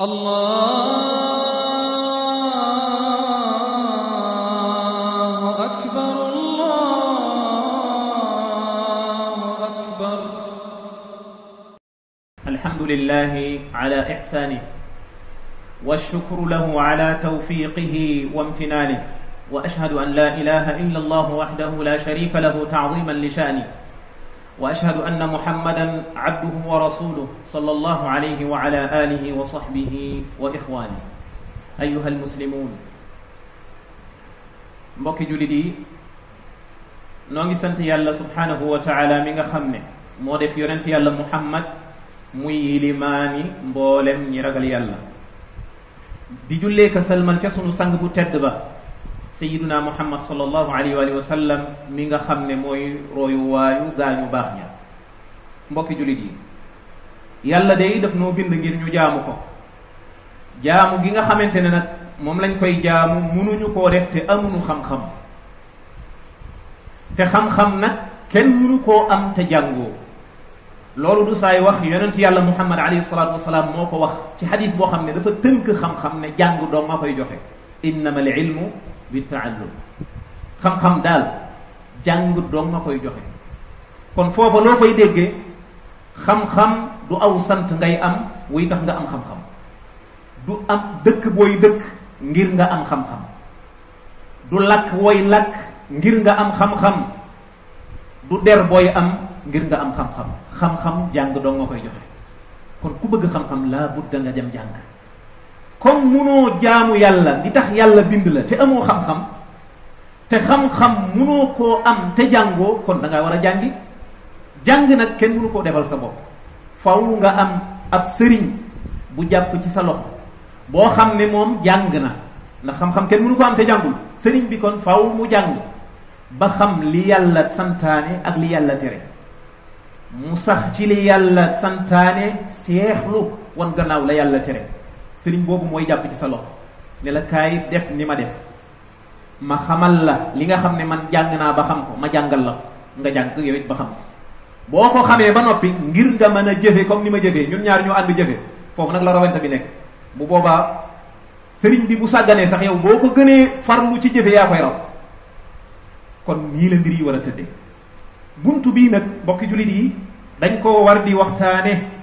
الله أكبر الله أكبر الحمد لله على إحسانه والشكر له على توفيقه وامتنانه وأشهد أن لا إله إلا الله وحده لا شريك له تعظيما لشأنه واشهد ان محمدا عبده ورسوله صلى الله عليه وعلى اله وصحبه واخوانه ايها المسلمون mbokki jullit yi noo ngi sant yàlla subhanahu wa taala mi nga xam ne moo def yonent yàlla muhammad muy yilimaani mboolem ñi ragal yàlla di jullee ka salman ca sunu sang bu tedd ba sayiduna muhammad sallallahu alayhi wa sallam mi nga xam ne mooy royu waayu gaañu baax ña mbokki jullit yi yàlla day daf noo bind ngir ñu jaamu ko jaamu gi nga xamante ne nag moom lañ koy jaamu mënuñu koo def te amuñu xam-xam te xam-xam nag kenn mënu koo am te jàngoo loolu du saay wax yonent yàlla muhammad alayhi salaatu wasalaam moo ko wax ci xadis boo xam ne dafa tënk xam-xam ne jàng doom maa koy joxe innama al bi taallum xam-xam daal jàng doom ma koy joxe kon foofa loo fay déggee xam-xam du aw sant ngay am wuy tax nga am xam-xam du am dëkk booy dëkk ngir nga am xam-xam du lakk woy lakk ngir nga am xam-xam du der booy am ngir nga am xam-xam xam-xam jàng doom ma koy joxe kon ku bëgg xam-xam laa budda nga dem jàng comme munoo jaamu yàlla di tax yàlla bind la te amoo xam-xam te xam-xam munoo koo am te jàngoo kon da war a jàngi jàng nag kenn mënu koo defal sa bopp faw nga am ab sëriñ bu jàpp ci sa loxo boo xam ne moom jàng na ndax xam-xam kenn mënu ko am te jàngul sëriñ bi kon faw mu jàng ba xam li yàlla santaane ak li yàlla tere mu sax ci li yàlla santaane seexlu wan gannaaw la yàlla tere sëriñ boobu mooy jàpp ci sa loxo ne kaay def ni ma def ma xamal la li nga xam ne man jàng naa ba xam ko ma jàngal la nga jàng ko yow it ba xam ko boo ko xamee ba noppi ngir nga mën a jëfe comme ni ma jëfee ñun ñaar ñoo ànd jëfe foofu nag la rawante bi nekk bu boobaa sëriñ bi bu sàgganee sax yow boo ko gënee farlu ci jëfe yaa koy raw kon nii la mbir yi war a tëddee buntu bii nag mbokki jullit yi dañ koo war di waxtaane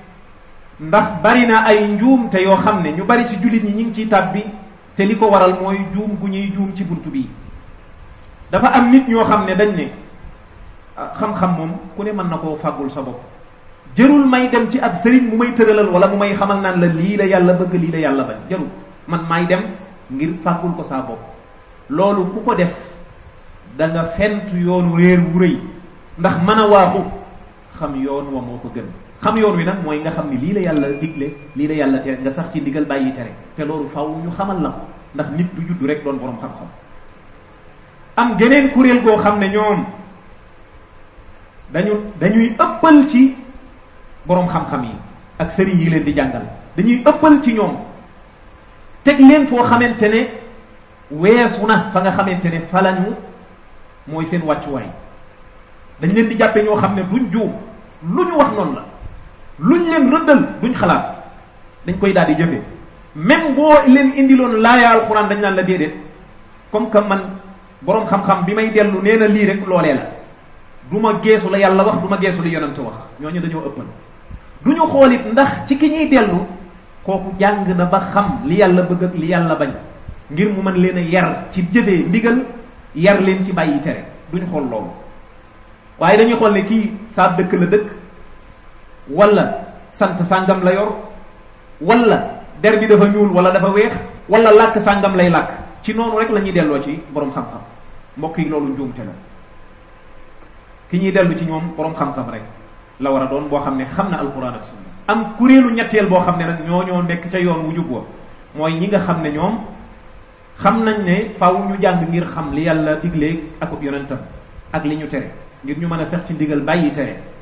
ndax bari na ay njuumte yoo xam ne ñu bari ci jullit ñi ñu ngi ciy tàbbi te li ko waral mooy juum gu ñuy juum ci bunt bii dafa am nit ñoo xam ne dañ ne ah, xam-xam moom ku ne mën na koo fàggul sa bopp jërul may dem ci ab sëriñ mu may tëralal wala mu may xamal naan la lii la yàlla bëgg lii la yàlla bañ jarul man maay dem ngir fàggul ko saa bopp loolu ku ko def da nga fent yoonu réer wu rëy ndax mën a waaxu xam yoon wa moo ko gën xam yoon wi nag mooy nga xam ni lii la yàlla digle lii la yàlla tere nga sax ci ndigal bàyyi tere te loolu faw ñu xamal la ko ndax nit du juddu rek doon borom xam-xam am geneen kuréel goo xam ne ñoom dañu dañuy ëppal ci borom xam yi ak sëriñ yi leen di jàngal dañuy ëppal ci ñoom teg leen foo xamante ne weesu na fa nga xamante ne fa lañu mooy seen wàccuwaay dañ leen di jàppe ñoo xam ne duñ juum lu ñu wax noonu la luñ leen rëddal duñ xalaat dañ koy daal di jëfee même boo leen indiloon laaya alxuraan dañu naan la déedéet comme que man boroom xam-xam bi may dellu nee na lii rek loolee la du ma geesu la yàlla wax du ma geesu la yonante wax ñooñu dañoo ëppal duñu ñu xool it ndax ci ki ñuy dellu kooku jàng na ba xam li yàlla bëgg ak li yàlla bañ ngir mu man leen a yar ci jëfee ndigal yar leen ci bàyyi tere duñ xool loolu waaye dañuy xool ne kii saa dëkk la dëkk walla sant sàngam la yor wala der bi dafa ñuul wala dafa weex wala làkk sàngam lay làkk ci noonu rek lañuy delloo ci boroom xam-xam mbokk yi loolu njuumte la ki ñuy dellu ci ñoom borom xam-xam rek la war a doon boo xam ne xam na alquran am kuréelu ñetteel boo xam ne nag ñoo ñoo nekk ca yoon wu jub wa mooy ñi nga xam ne ñoom xam nañ ne faaw ñu jàng ngir xam li yàlla diglee ak yonentam ak li ñu tere ngir ñu mën a sax ci ndigal bàyyi tere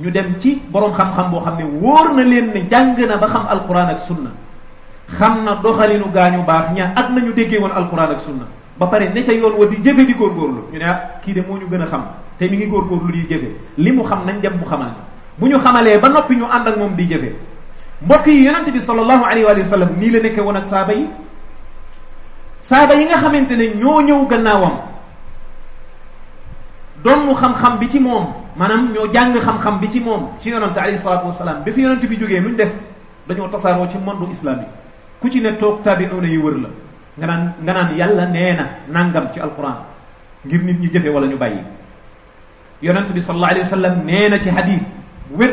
ñu dem ci borom xam-xam boo xam ne wóor na leen ne jàng na ba xam alquran ak sunna xam na doxalinu gaañu baax ña ak nañu déggee woon alquran ak sunna ba pare ne ca yoon wa di jëfe di góorgóorlu ñu ne ah kii de moo ñu gën a xam te mi ngi góorgóorlu di jëfe li mu xam nañ dem mu xamal bu ñu xamalee ba noppi ñu ànd ak moom di jëfe mbokk yi yonente bi sallallahu alayhi wa sallam nii la nekkee woon ak saaba yi saaba yi nga xamante ne ñoo ñëw gannaawam donnu xam-xam bi ci moom maanaam ñoo jàng xam-xam bi ci moom ci yonante alayhi salaatu wasalaam bi fi bi jógee lu def dañoo tasaaroo ci monde islam yi ku ci ne toog tabi noonu yi wër la nga naan nga naan yàlla nee na nangam ci alquran ngir nit ñi jëfe wala ñu bàyyi yonent bi sallallahu alayhi wa nee na ci hadith bu wér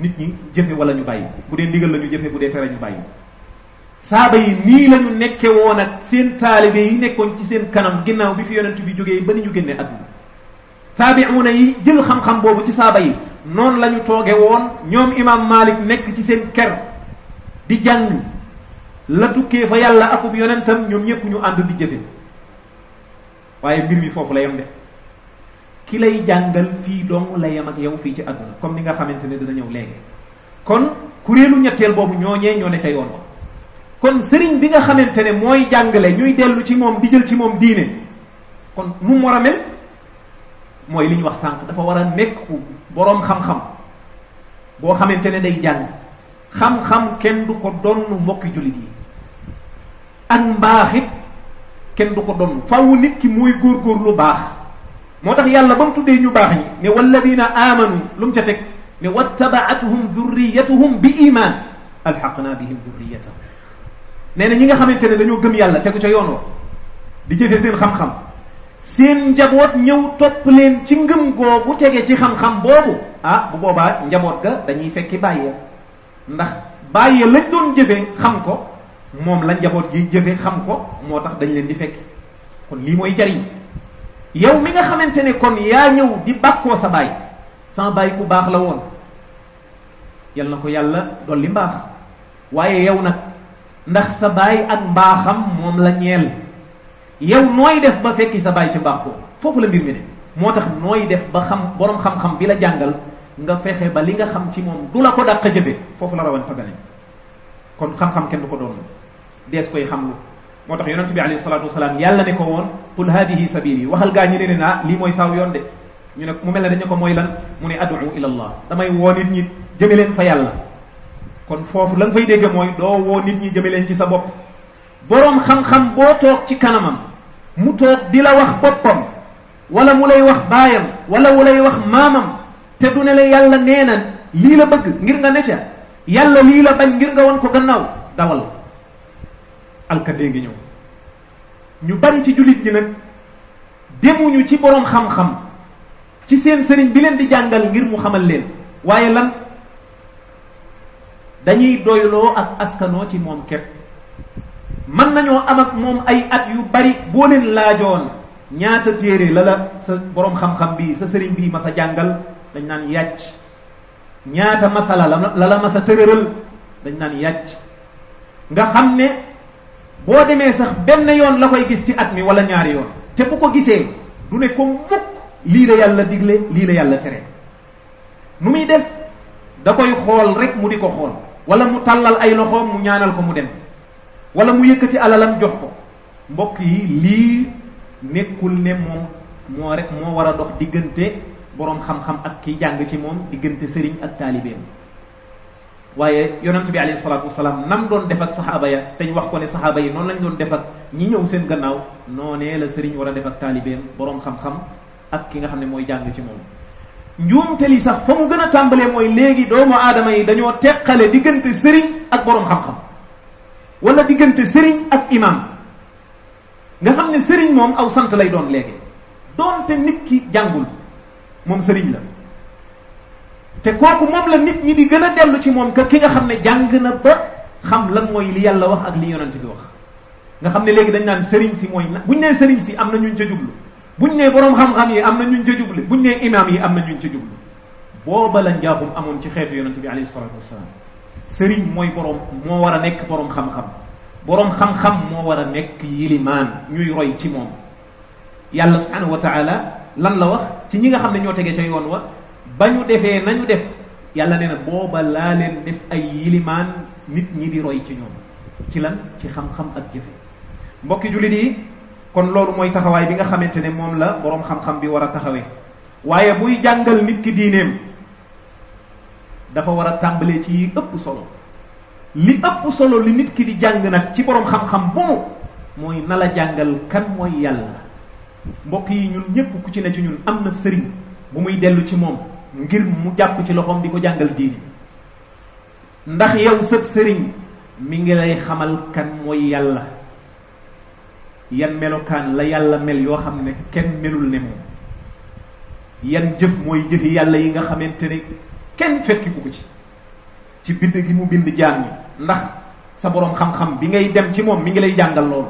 nit ñi jëfe wala ñu bàyyi bu dee ndigal la ñu jëfe bu dee tere ñu bàyyi saaba yi nii la ñu nekke woon ak seen taalibe yi nekkoon ci seen kanam ginnaaw bi fi yonent bi jógee ba ni ñu génnee adduna taabi'uuna yi jël xam-xam boobu ci saaba yi noonu lañu tooge woon ñoom imaam Malik nekk ci seen ker di jàng la tukkee fa yàlla akub yonentam ñoom ñëpp ñu ànd di jëfe waaye mbir mi foofu la yem de ki lay jàngal fii dong la yem ak yow fii ci àdduna comme ni nga xamante ne dina ñëw léegi kon kuréelu ñetteel boobu ñooñee ñoo ne ca yoon ba kon sëriñ bi nga xamante ne mooy jàngale ñuy dellu ci moom di jël ci moom diine kon mu war a mel mooy li ñu wax sànq dafa war a nekk boroom xam-xam boo xamante ne day jàng xam-xam kenn du ko donn mbokki jullit yi ak mbaax it kenn du ko donn faw nit ki muy góorgóor lu baax moo tax yàlla ba mu tuddee ñu baax ñi ne walladina amanu lu mu ca teg ne wattabaatuhum durriyatuhum bi iman alxaqna bihim durriyatahum nee na ñi nga xamante ne dañoo gëm yàlla tegu ca yoon wa di jëfe seen xam-xam seen njaboot ñëw topp leen ci ngëm googu tege ci xam-xam boobu ah bu boobaa njaboot ga dañuy fekki bàyyee ndax bàyyee lañ doon jëfe xam ko moom la njaboot gi jëfe xam ko moo tax dañ leen di fekki kon lii mooy jariñ yow mi nga xamante ne kon yaa ñëw di bàkkoo sa baay sama baay ku baax la woon yal na ko yàlla dolli mbaax waaye yow nag ndax sa baay ak mbaaxam moom la ñeel yow nooy def ba fekki sa bàyyi ci mbaax ko foofu la mbir mi ne moo tax nooy def ba xam boroom xam-xam bi la jàngal nga fexe ba li nga xam ci moom du la ko dàq jëfe foofu la rawan pagane kon xam-xam kenn du ko doon dees koy xam lu moo tax yonent bi alayhi salaatu wasalaam yàlla ne ko woon qul haadihi sabili waxal gaa ñi ne ne naa ah, lii mooy saaw yoon de ñu ne mu mel ne dañu ko mooy lan mu ne adu ila allah damay woo nit ñi jëme leen fa yàlla kon foofu la nga fay mooy doo woo nit ñi leen ci sa bopp boroom xam-xam boo toog ci kanamam mu toog di la wax boppam wala mu lay wax baayam wala mu lay wax maamam te du ne la yàlla nee na lii la bëgg ngir nga ne ca yàlla lii la bañ ngir nga won ko gannaaw dawal alkadee ngi ñëw ñu bari ci jullit ñi nag demuñu ci boroom xam-xam ci seen sëriñ bi leen di jàngal ngir mu xamal leen waaye lan dañuy doyloo ak askanoo ci moom képp mën nañoo am ak moom ay at yu bari boo leen laajoon ñaata téere la sa borom xam-xam bi sa sëriñ bii ma sa jàngal dañ naan yàcc ñaata masala la la ma sa tërëral dañ naan yàcc nga xam ne boo demee sax benn yoon la koy gis ci at mi wala ñaari yoon te bu ko gisee du ne ko mukk lii la yàlla digle lii la yàlla tere nu muy def da koy xool rek mu di ko xool wala mu tàllal ay loxoom mu ñaanal ko mu dem wala mu yëkkati alalam jox ko mbokk yi lii nekkul ne moom moo rek moo war a dox diggante boroom xam-xam ak kiy jàng ci moom diggante sëriñ ak taalibeem waaye yonent bi alayhi salaatu wasalaam nam doon def ak saxaaba ya wax ko ne saxaaba yi noonu lañ doon def ak ñi ñëw seen la sëriñ war a def ak taalibeem boroom xam-xam ak ki nga xam ne mooy jàng ci moom njuumte li sax fa mu gën a tàmbalee mooy léegi doomu aadama yi dañoo teqale diggante sëriñ ak boroom xam-xam wala diggante sëriñ ak imam nga xam ne sëriñ moom aw sant lay doon léegi te nit ki jàngul moom sëriñ la te kooku moom la nit ñi di gën a dellu ci moom kër ki nga xam ne jàng na ba xam lan mooy li yàlla wax ak li yonent bi wax nga xam ne léegi dañ naan sëriñ si mooy buñ nee sëriñ si am na ñuñ ca jublu buñ nee boroom xam-xam yi am na ñuñ ca jublu buñ nee imaam yi am na ñuñ ca jublu booba la njaaxum amoon ci xeetu yonent bi alayhi salaatu sëriñ mooy boroom moo war a nekk boroom xam-xam borom xam-xam moo war a nekk yilimaan ñuy roy ci moom yàlla subhanahu wa lan la wax ci ñi nga xam ne ñoo tege ca yoon wa ba ñu defee nañu def yàlla nee na booba laa leen def ay yilimaan nit ñi di roy ci ñoom ci lan ci xam-xam ak jëfe mbokki jullit yi kon loolu mooy taxawaay bi nga xamante ne moom la boroom xam-xam bi war a taxawee waaye buy jàngal nit ki diineem dafa war a tàmbalee ci yi ëpp solo li ëpp solo li nit ki di jàng nag ci borom xam-xam boobu mooy na la jàngal kan mooy yàlla mbokk yi ñun ñépp ku ci ne ci ñun am na sëriñ bu muy dellu ci moom ngir mu jàpp ci loxoom di ko jàngal diini ndax yow sëb sëriñ mi ngi lay xamal kan mooy yàlla yan melokaan la yàlla mel yoo xam ne kenn melul ne moom yan jëf mooy jëfi yàlla yi nga xamante ne kenn fekki ku ko ci ci bind gi mu bind jaam ñi ndax sa boroom xam-xam bi ngay dem ci moom mi ngi lay jàngal loolu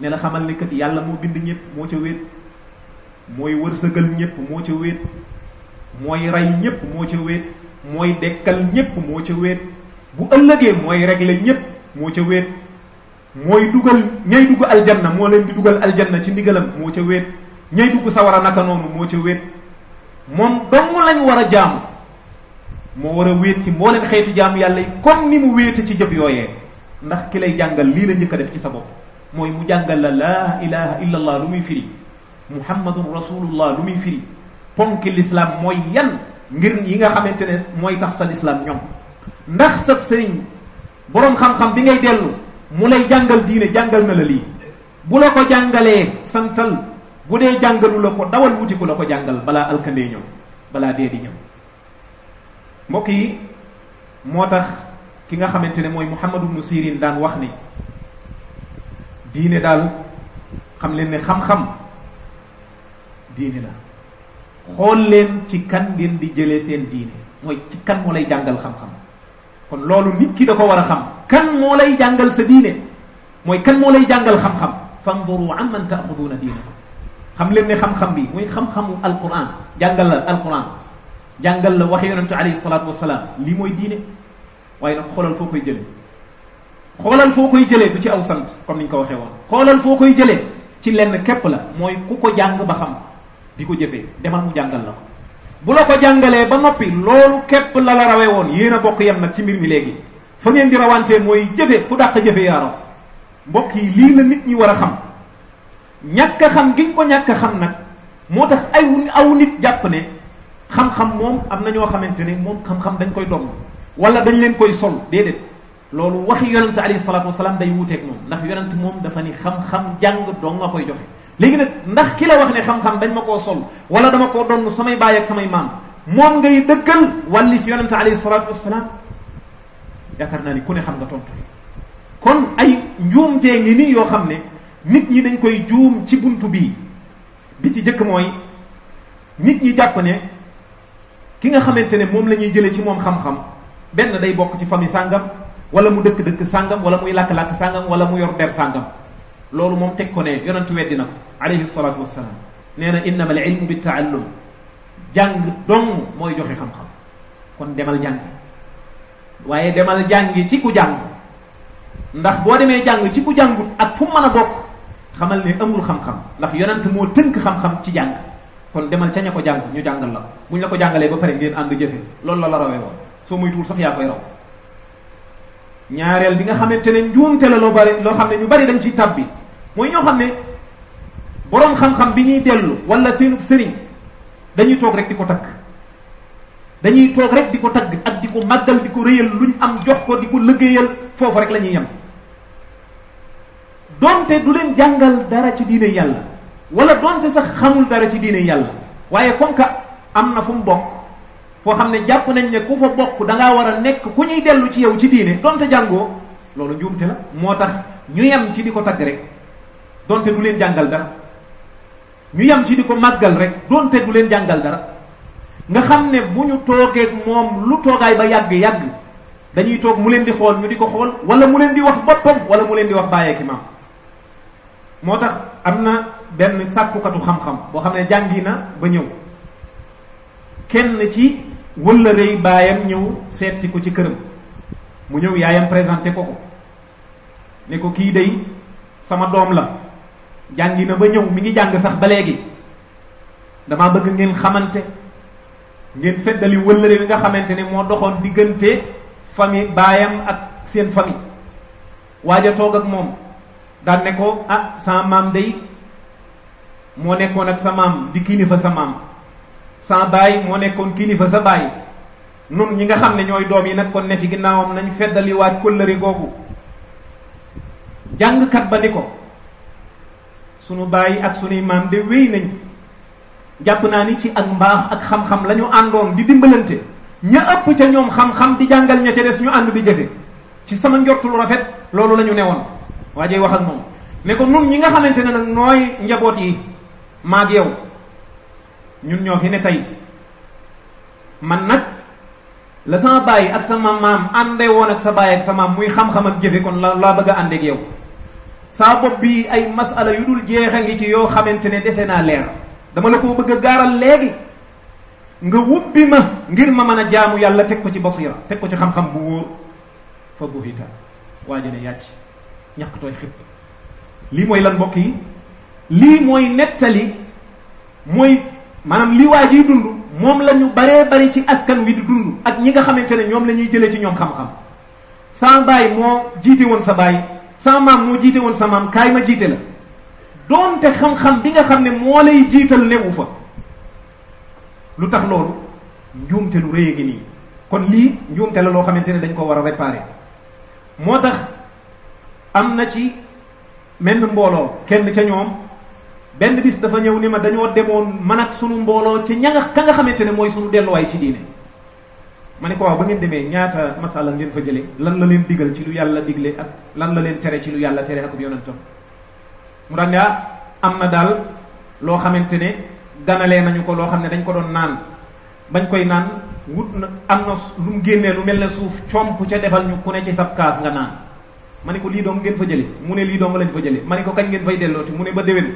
ne la xamal ne yàlla moo bind ñëpp moo ca wéet mooy wërsëgal ñépp moo ca wéet mooy rey ñëpp moo ca wéet mooy dekkal ñëpp moo ca wéet bu ëllëgee mooy régler ñëpp moo ca wéet mooy dugal ñay dugg aljanna moo leen di dugal aljanna ci ndigalam moo ca wéet ñay dugg a naka noonu moo ca wéet moom dong lañ war a jaamu moo war a wéet ci mbooleem xeetu jaamu yàlla yi comme ni mu wéete ci jëf yooyee ndax ki lay jàngal lii la njëkk a def ci sa bopp mooy mu jàngal la laa ilaha illa allah lu muy firi muhammadun rasulullah lu muy firi ponki l'islam mooy yan ngir yi nga xamante ne mooy tax sa l'islam ñoom ndax sab sëriñ boroom xam-xam bi ngay dellu mu lay jàngal diine jàngal na la lii bu la ko jàngalee santal bu dee jàngalu la ko dawal wuti ku la ko jàngal balaa alkandee ñëw balaa dee di ñëw mbokk yi moo tax ki nga xamante ne mooy Muhammad ibnu Sirin daan wax ni diine daal xam leen ne xam-xam diine la xool leen ci kan ngeen di jëlee seen diine mooy ci kan moo lay jàngal xam-xam kon loolu nit ki da ko war a xam kan moo lay jàngal sa diine mooy kan moo lay jàngal xam-xam fanduru an man na diinakum xam leen ne xam-xam bi mooy xam-xamu alquran jàngalal alquran jàngal la wax yonentu alayhi salaatu wasalaam lii mooy diine waaye nag xoolal foo koy jëlee xoolal foo koy jëlee du ci aw sant comme ni ñu ko waxee woon xoolal foo koy jëlee ci lenn képp la mooy ku ko jàng ba xam di ko jëfee demal mu jàngal la ko bu la ko jàngalee ba noppi loolu képp la la rawee woon yéen a bokk yem nag ci mbir mi léegi fa ngeen di rawantee mooy jëfe ku dàq jëfe yaaro mbokk yi lii la nit ñi war a xam ñàkk a xam giñ ko ñàkk xam nag moo tax ay aw nit jàpp xam-xam moom am na ñoo xamante ne moom xam-xam dañ koy domm wala dañ leen koy sol déedéet loolu waxi yonent alayhi salaatu wasalaam day wuuteeg moom ndax yonent moom dafa ni xam-xam jàng dong nga koy joxe léegi nag ndax ki la wax ne xam-xam dañ ma koo sol wala dama koo donn samay baay ak samay maam moom ngay dëggal wàllis yonent alayhi salaatu wasalaam yaakaar naa ni ku ne xam nga tontu kon ay njuumtee ngi nii yoo xam ne nit ñi dañ koy juum ci buntu bii bi ci jëkk mooy nit ñi jàpp ne ki nga xamante ne moom la ñuy jëlee ci moom xam-xam benn day bokk ci famille sàngam wala mu dëkk-dëkk sàngam wala muy làkk-làkk sàngam wala mu yor der sàngam loolu moom teg ko ne yonent weddi na ko alayhi salaatu wassalaam nee na innama al ilmu bi taallum jàng dong mooy joxe xam-xam kon demal jàngi waaye demal jàngi ci ku jàng ndax boo demee jàng ci ku jàngut ak fu mu a bokk xamal ne amul xam-xam ndax yonent moo tënk xam-xam ci jàng kon demal ca ña ko jàng ñu jàngal la bu ñu la ko jàngalee ba pare ngeen ànd jëfe loolu la la rawee woon soo muy tuul sox yaa koy raw ñaareel bi nga xamante ne njuumte la loo bari loo xam ne ñu bari ci ciy bi mooy ñoo xam ne boroom xam-xam bi ñuy dellu wala seenub sëriñ dañuy toog rek di ko takk dañuy toog rek di ko tagg ak di ko màggal di ko réyal luñ am jox ko di ko liggéeyal foofu rek la ñuy yem donte du leen jàngal dara ci diine yàlla wala doonte sax xamul dara ci diine yàlla waaye comme am na fu mu bokk foo xam ne jàpp nañ ne ku fa bokk da war a nekk ku ñuy dellu ci yow ci diine doonte jàngoo loolu njuumte la moo tax ñu yem ci di ko tagg rek doonte du leen jàngal dara ñu yam ci di ko màggal rek doonte du leen jàngal dara nga xam ne bu ñu toogee moom lu toogaay ba yàgg-yàgg dañuy toog mu leen di xool ñu di ko xool wala mu leen di wax boppam wala mu leen di wax bàyyee ki moo tax am na benn sàkkukatu xam-xam boo xam ne jàngi na ba ñëw kenn ci wëllërey baayam ñëw seet si ko ci këram mu ñëw yaayam présenté ko ko ne ko kii dey sama doom la jàngi na ba ñëw mi ngi jàng sax ba léegi damaa bëgg ngeen xamante ngeen feddali wëllëre bi nga xamante ne moo doxoon diggante famille baayam ak seen famille waaja toog ak moom daan ne ko ah sama maam day moo nekkoon ak sa maam di kilifa sa maam sa baay moo nekkoon kilifa sa baay nun ñi nga xam ne ñooy doom yi nag kon ne fi ginnaawam nañ feddaliwaat kóllëre googu jàngkat ba ni ko suñu baay ak sunuy maam de wéy nañ jàpp naa ni ci ak mbaax ak xam-xam la àndoon di dimbalante ña ëpp ca ñoom xam-xam di jàngal ña ca des ñu ànd di jëfe ci sama njortu lu rafet loolu la ñu newoon waajay wax ak moom ne ko nun ñi nga xamante ne nag nooy njaboot yi maag yow ñun ñoo fi ne tey man nag la sama baay ak sama maam ànde woon ak sa baay ak sa maam muy xam-xam ak jëfe kon la laa bëgg a àndeek yow saa bopp bi ay masala yu dul jeexa ci yoo xamante ne dese naa leer dama la koo bëgg a gaaral léegi nga wubbi ma ngir ma mën a jaamu yàlla teg ko ci basira teg ko ci xam-xam bu wóor fa buhita waa ji ne yàcc ñàkk xib lii mooy lan mbokk yi lii mooy nettali mooy maanaam li waa jiy dund moom lañu ñu baree bari ci askan wi di dund ak ñi nga xamante ne ñoom lañuy ñuy jëlee ci ñoom xam-xam sa moo jiite woon sa baay sa moo jiite woon sa maam kaay ma jiite la doonte xam-xam bi nga xam ne moo lay jiital newu fa lu tax loolu njuumte lu rëy ngi nii kon lii njuumte la loo xamante ne dañ koo war a réparer moo tax am na ci menn mbooloo kenn ca ñoom benn bis dafa ñëw ni ma dañoo demoon man ak sunu mbooloo ci ña nga ka nga xamante ne mooy sunu delluwaay ci diine ma ne ko wax ba ngeen demee ñaata masala ngeen fa jëlee lan la leen digal ci lu yàlla digle ak lan la leen tere ci lu yàlla tere ak yonentam mu daan ne ah, am na daal loo xamante ne ganalee nañu ko loo xam ne dañ ko doon naan bañ koy naan wut na am na lu mu génnee lu mel ne suuf comp ca defal ñu ku ne ci sab kaas nga naan ma ne ko lii dong ngeen fa jële mu ne lii dong lañ fa jële ma ne ko kañ ngeen fay dellooti mu ne ba déwén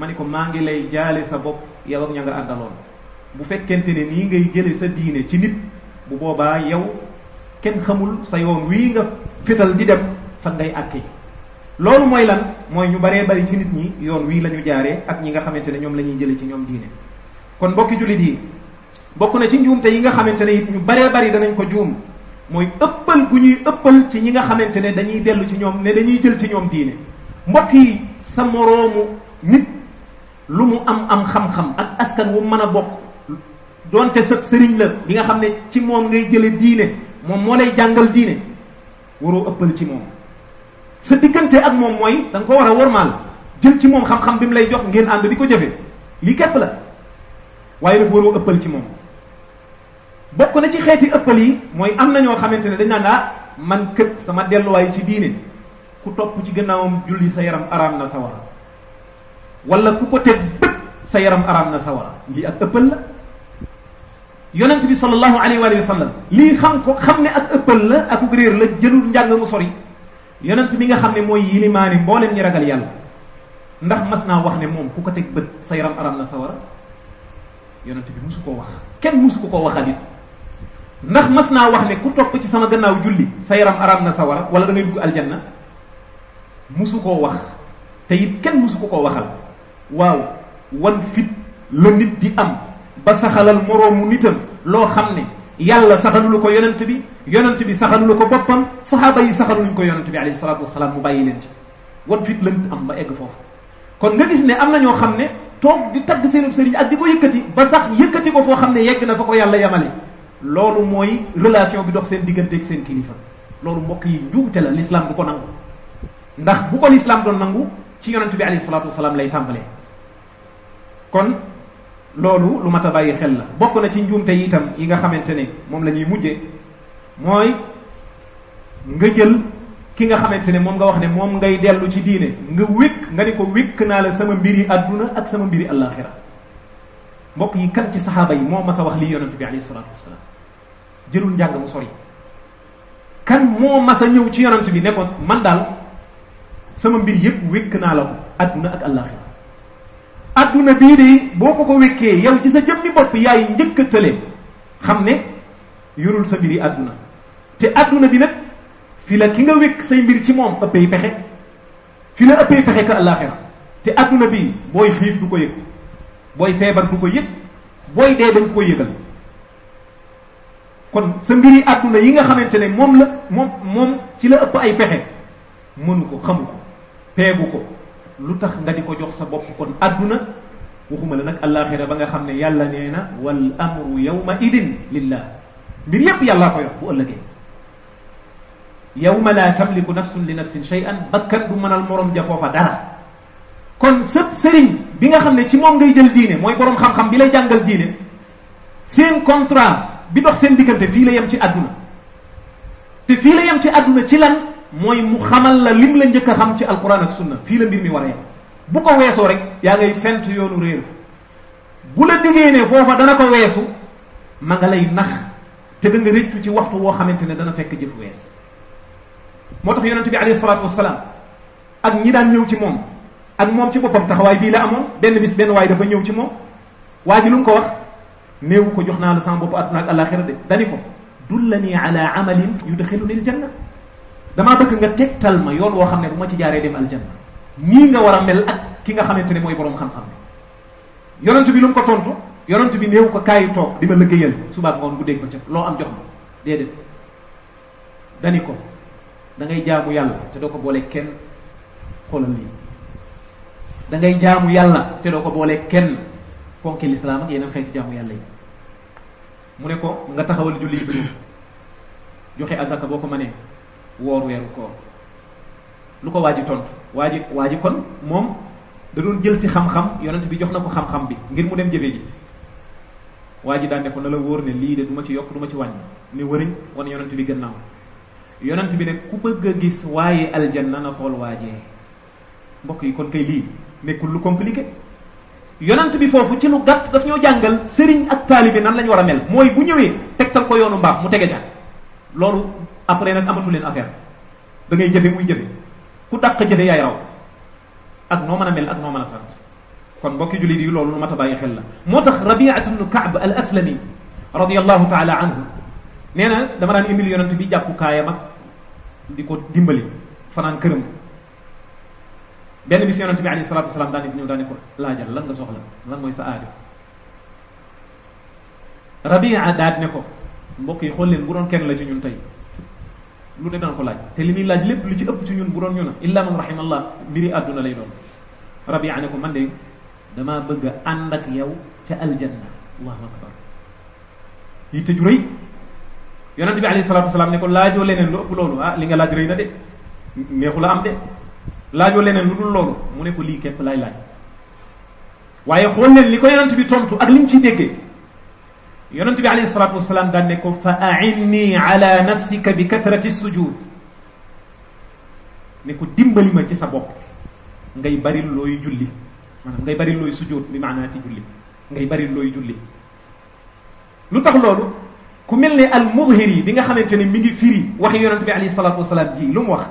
ma ni ko maa ngi lay jaale sa bopp yow ak ña nga àndaloon bu fekkente ne nii ngay jële sa diine ci nit bu boobaa yow kenn xamul sa yoon wii nga fital di dem fan ngay àkki loolu mooy lan mooy ñu baree bari ci nit ñi yoon wii lañu jaaree ak ñi nga xamante ne ñoom la ñuy jële ci ñoom diine kon bokki jullit yi bokk na ci njuumte yi nga xamante ne it ñu baree bari danañ ko juum mooy ëppal gu ñuy ëppal ci ñi nga xamante ne dañuy dellu ci ñoom ne dañuy jël ci ñoom diine yi sa moroomu nit lu mu am am xam-xam ak askan wu mën a bokk donte sëb sëriñ la bi nga xam ne ci moom ngay jële diine moom moo lay jàngal diine waroo ëppal ci moom sa diggante ak moom mooy da nga ko war a wormaal jël ci moom xam-xam bi mu lay jox ngeen ànd di ko jëfe lii képp la waaye nag waroo ëppal ci moom bokk na ci xeeti ëppal yi mooy am na ñoo xamante ne dañ naan ah, man kët sama delluwaay ci diine ku topp ci gannaawam julli sa yaram araam na sa war wala ku ko teg bët sa yaram araam na sawara lii ak ëppal la yonent bi sallallahu alayhi wa sallam lii xam ko xam ne ak ëppal la akuk réer la jëlul njàng mu sori yonent nga xam ne mooy yilimaani mboolem ñi ragal ndax mas naa wax ne moom ku ko teg bët na sawara yonent bi musu koo wax kenn musu ko koo waxal it ndax mas naa wax ne ku topp ci sama gannaaw julli sa yaram araam na sawara wala da ngay dugg aljanna musu koo wax te it kenn musu ko ko waxal waaw wan fit la nit di am ba saxalal moroomu nitam loo xam ne yàlla saxalulu ko yonent bi yonent bi saxalulu ko boppam saxaaba yi saxaluluñ ko yonent bi alayhi salaatu wasalaam mu bàyyi leen ci wan fit la nit am ba egg foofu kon nga gis ne am na ñoo xam ne toog di tagg seen sëriñ ak di ko yëkkati ba sax yëkkati ko foo xam ne yegg na fa ko yàlla yamale loolu mooy relation bi dox seen diggante ak seen kilifa loolu mbokk yi njuumte la l'islam du ko nangu ndax bu ko l'islam doon nangu ci yonent bi alayhi salaatu wasalaam lay tàmbalee kon loolu lu mat a bàyyi xel la bokk na ci njuumte yi itam yi nga xamante ne moom la ñuy mujje mooy nga jël ki nga xamante ne moom nga wax ne moom ngay dellu ci diine nga wékk nga ni ko wékk naa la sama mbiri àdduna ak sama mbiri àllaaxira mbokk yi kan ci saxaaba yi moo mas wax lii yonent bi alayhi salaatu wasalaam jëlul njàng mu sori kan moo mas a ñëw ci yonent bi ne ko man daal sama mbir yépp wékk naa la ko àdduna ak àllaaxira adduna bii de boo ko ko wekkee yow ci sa jëmmi bopp yaay njëkk a tële xam ne yorul sa mbiri àdduna te adduna bi nag fi la ki nga wékk say mbir ci moom ëppee pexe fi la ëppee pexe ka àllaaxira te adduna bi booy xiif du ko yëg booy feebar du ko yëg booy dee dañ ko yëgal kon sa mbiri adduna yi nga xamante ne moom la moom moom ci la ëpp ay pexe mënu ko xamu ko peegu ko lu tax nga di ko jox sa bopp kon àdduna waxuma la nag allaaxira ba nga xam ne yàlla nee na wal amru yawma idin lillah mbir yépp yàllaa ko yor bu ëllëgee yawma laa tamliku nafsun li nafsin shay'an bakkat du mënal morom ja foofa dara kon sëb bi nga xam ne ci moom ngay jël diine mooy boroom xam bi lay jàngal diine contrat bi dox seen diggante fii la yem ci àdduna te la yem ci àdduna ci lan mooy mu xamal la lim la njëkk a xam ci alquran ak sunna fii la mbir mi waree bu ko weesoo rek yaa ngay fent yoonu réer bu la déggee ne foofa dana ko weesu ma nga lay nax te da nga rëccu ci waxtu woo xamante ne dana fekk jëf wees moo tax yonent bi alayhi salaatu wasalaam ak ñi daan ñëw ci moom ak moom ci boppam taxawaay bii la amoon benn bis benn waaye dafa ñëw ci moom waa ji lu ko wax néewu ko jox naa la sama bopp àdduna ak àllaaxira de dani ko dullani ala de yudxiluni aljanna damaa bëgg nga tegtal ma yoon woo xam ne bu ma ci jaaree dem aljanna nii nga war a mel ak ki nga xamante ne mooy boroom xam-xam ne yonent bi lu mu ko tontu yonent bi néew ko kaay toog di ma liggéeyal subaab ngoon bu dégg ko ca loo am jox ma déedéet dani ko dangay ngay jaamu yàlla te doo ko boole kenn xoolal lii da jaamu yàlla te doo ko boole kenn ponki lislaam ak yeneen xeetu jaamu yàlla yi mu ne ko nga taxawal julli juróom joxe azaka boo ko mënee woor weeru koor lu ko waa ji tontu waa ji waa ji kon moom da doon jël si xam-xam yonent bi jox na ko xam-xam bi ngir mu dem jëfe ji waa ji daan ne ko na la wóor ne lii de du ci yokk du ma ci wàññi ne wëriñ wan yonent bi gannaaw yonent bi ne ku bëgg a gis waaye aljanna na xool waajee mbokk yi kon kay lii nekkul lu compliqué yonent bi foofu ci lu gàtt daf ñoo jàngal sëriñ ak taalibi nan la war a mel mooy bu ñëwee tegtal ko yoonu mbaam mu tege ca loolu après nag amatu leen affaire da ngay jëfe muy jëfe ku dàq jëfe yaay raw ak noo mën a mel ak noo mën a sant kon mbokki jullit yi loolu lu mat a bàyyi xel la moo tax rabiat ibnu kaab al aslami radiallahu taala anhu nee na dama daan bi jàppu kaayam di ko dimbali fanaan këram benn bis yonent bi alayhi salatu wasalaam daan ñëw daan ko laajal lan nga soxla lan mooy sa aajo rabia ne ko mbokk yi xool leen bu doon kenn la ci ñun tey lu ne dana ko laaj te li muy laaj lépp li ci ëpp ci ñun bu doon ñu na illa man rahimallah mbiri àdduna lay doon rabia ne ko man de damaa bëgg a ànd ak yow ca aljanna allahu akbar yi tëju rëy yonent bi alayhi salatu loolu ah li nga laaj rëy na de neexu la am de laajoo leneen lu dul loolu mu ne ko lii képp laay laaj waaye xool leen li ko yonent bi tontu ak li mu ciy déggee yonent bi alayhi salaatu wasalaam daan ne ko fa ainni ala nafsika bi kathrati sujud ne ko dimbali ma ci sa bopp ngay bari looy julli maanaam ngay bari looy sujud bi maanaa ci julli ngay bari looy julli lu tax loolu ku mel ne al mudhiri bi nga xamante ne mi ngi firi waxi yonent bi alayhi salaatu wasalaam ji lu mu wax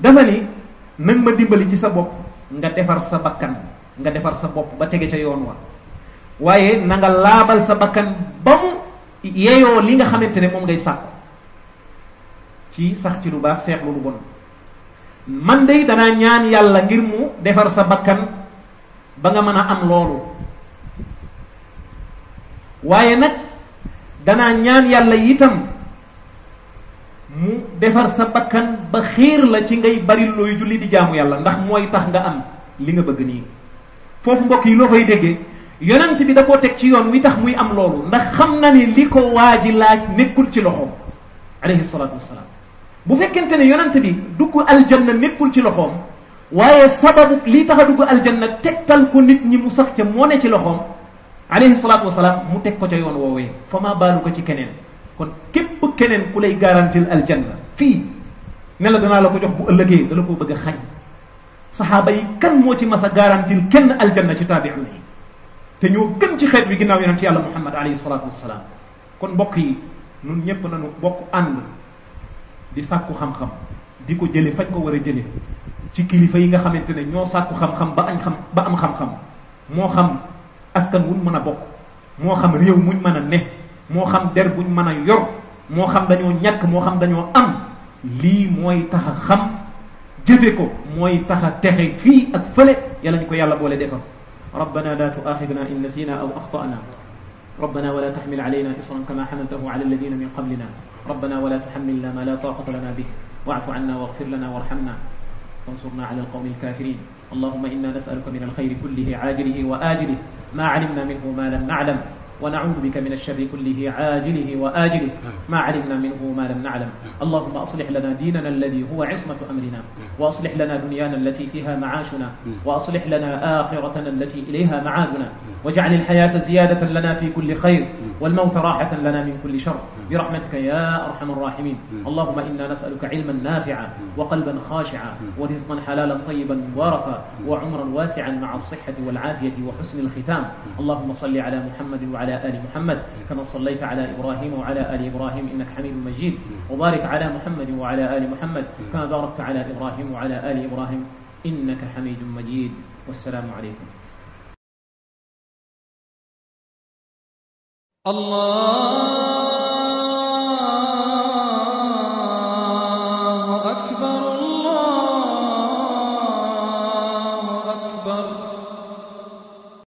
dafa ni nag ma dimbali ci sa bopp nga defar sa bakkan nga defar sa bopp ba tege ca yoon wa waaye na laabal sa bakkan ba mu yeyoo li nga xamante ne moom ngay sàkku ci sax ci lu baax seex lu bon man de danaa ñaan yàlla ngir mu defar sa bakkan ba nga mën a am loolu waaye nag danaa ñaan yàlla yitam mu defar sa bakkan ba xiir la ci ngay bari looy julli di jaamu yàlla ndax mooy tax nga am li nga bëgg nii foofu mbokk yi loo fay déggee yonent bi da koo teg ci yoon wi tax muy am loolu ndax xam na ni li ko waa ji laaj nekkul ci loxoom alayhi salaatu wasalaam bu fekkente ne yonent bi dugg aljanna nekkul ci loxoom waaye sababu lii tax a dugg aljanna tegtal ko nit ñi mu sax ca moo ne ci loxoom alayhi salaatu wasalaam mu teg ko ca yoon woowee fa maa baalu ko ci keneen kon képp keneen ku lay garantil aljanna fii ne la danaa la ko jox bu ëllëgee da la koo bëgg a xañ saxaaba yi kan moo ci mas a garantil kenn aljanna ci taabi'un yi te ñoo gën ci xeet wi ginnaaw ci yàlla muhammad alayhi salaatu wassalaam kon mbokk yi nun ñépp nañu bokk ànd di sàkku xam-xam di ko jële fañ ko war a jële ci kilifa yi nga xamante ne ñoo sàkku xam-xam ba añ ba am xam-xam moo xam askan wuñ mën a bokk moo xam réew muñ mën a ne moo xam der buñ mën a yor moo xam dañoo ñàkk moo xam dañoo am lii mooy tax a xam jëfe ko mooy tax a texe fii ak fële yàlla ñu ko yàlla boole defal ربنا لا تؤاخذنا إن نسينا أو أخطأنا ربنا ولا تحمل علينا إصرا كما حملته على الذين من قبلنا ربنا ولا تحملنا ما لا طاقة لنا به واعف عنا واغفر لنا وارحمنا وانصرنا على القوم الكافرين اللهم إنا نسألك من الخير كله عاجله وآجله ما علمنا منه ما لم نعلم ونعوذ بك من الشر كله عاجله وآجله ما علمنا منه ما لم نعلم اللهم أصلح لنا ديننا الذي هو عصمة أمرنا وأصلح لنا دنيانا التي فيها معاشنا وأصلح لنا آخرتنا التي إليها معادنا واجعل الحياة زيادة لنا في كل خير والموت راحة لنا من كل شر برحمتك يا أرحم الراحمين اللهم إنا نسألك علما نافعا وقلبا خاشعا ورزقا حلالا طيبا مباركا وعمرا واسعا مع الصحة والعافية وحسن الختام اللهم صل على محمد وعلى وعلى آل محمد كما صليت على إبراهيم وعلى آل إبراهيم إنك حميد مجيد وبارك على محمد وعلى آل محمد كما باركت على إبراهيم وعلى آل إبراهيم إنك حميد مجيد والسلام عليكم الله